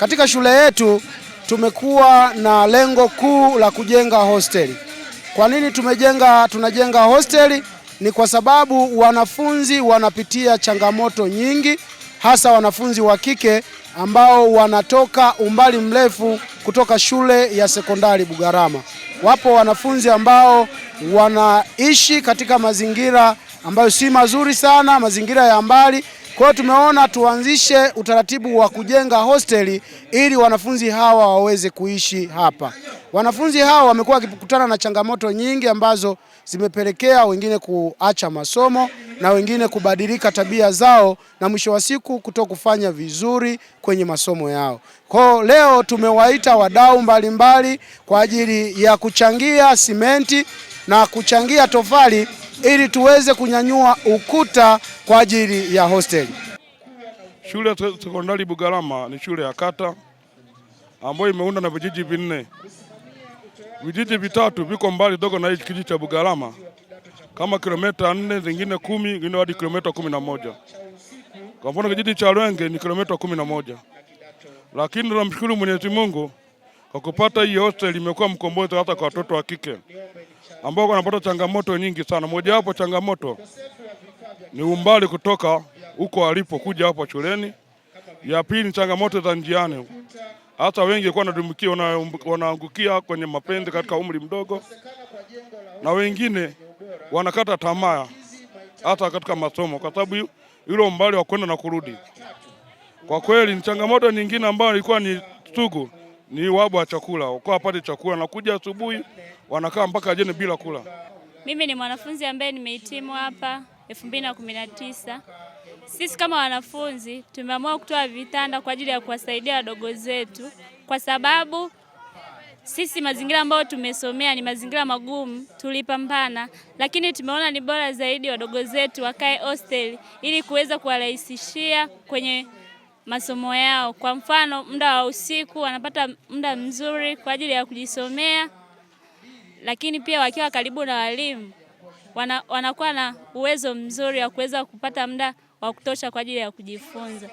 Katika shule yetu tumekuwa na lengo kuu la kujenga hosteli. Kwa nini tumejenga tunajenga hosteli? Ni kwa sababu wanafunzi wanapitia changamoto nyingi, hasa wanafunzi wa kike ambao wanatoka umbali mrefu kutoka shule ya sekondari Bugarama. Wapo wanafunzi ambao wanaishi katika mazingira ambayo si mazuri sana, mazingira ya mbali kwa hiyo tumeona tuanzishe utaratibu wa kujenga hosteli ili wanafunzi hawa waweze kuishi hapa. Wanafunzi hawa wamekuwa wakikutana na changamoto nyingi ambazo zimepelekea wengine kuacha masomo na wengine kubadilika tabia zao na mwisho wa siku kuto kufanya vizuri kwenye masomo yao. Kwa leo tumewaita wadau mbalimbali kwa ajili ya kuchangia simenti na kuchangia tofali ili tuweze kunyanyua ukuta kwa ajili ya hostel. Shule ya sekondari Bugalama ni shule ya kata ambayo imeunda na vijiji vinne. Vijiji vitatu viko mbali dogo na hiki kijiji cha Bugalama kama kilomita nne, zingine kumi, zingine hadi kilomita kumi na moja. Kwa mfano kijiji cha Lwenge ni kilomita kumi na moja, lakini tunamshukuru Mwenyezi Mungu kwa kupata hii hostel imekuwa mkombozi hata kwa watoto wa kike ambao wanapata changamoto nyingi sana. Mojawapo changamoto ni umbali kutoka huko alipo kuja hapa shuleni. Ya pili ni changamoto za njiani, hata wengi walikuwa wanadumbukia, wanaangukia kwenye mapenzi katika umri mdogo, na wengine wanakata tamaa hata katika masomo kwa sababu hilo umbali wa kwenda na kurudi. Kwa kweli ni changamoto nyingine ambayo ilikuwa ni sugu ni wabu wa chakula, wakuwa apate chakula, kuja asubuhi wanakaa mpaka jioni bila kula. Mimi ni mwanafunzi ambaye nimehitimu hapa 2019. Sisi kama wanafunzi tumeamua kutoa vitanda kwa ajili ya kuwasaidia wadogo zetu, kwa sababu sisi mazingira ambayo tumesomea ni mazingira magumu, tulipambana, lakini tumeona ni bora zaidi wadogo zetu wakae hostel ili kuweza kuwarahisishia kwenye masomo yao. Kwa mfano, muda wa usiku wanapata muda mzuri kwa ajili ya kujisomea, lakini pia wakiwa karibu na walimu wana, wanakuwa na uwezo mzuri wa kuweza kupata muda wa kutosha kwa ajili ya kujifunza.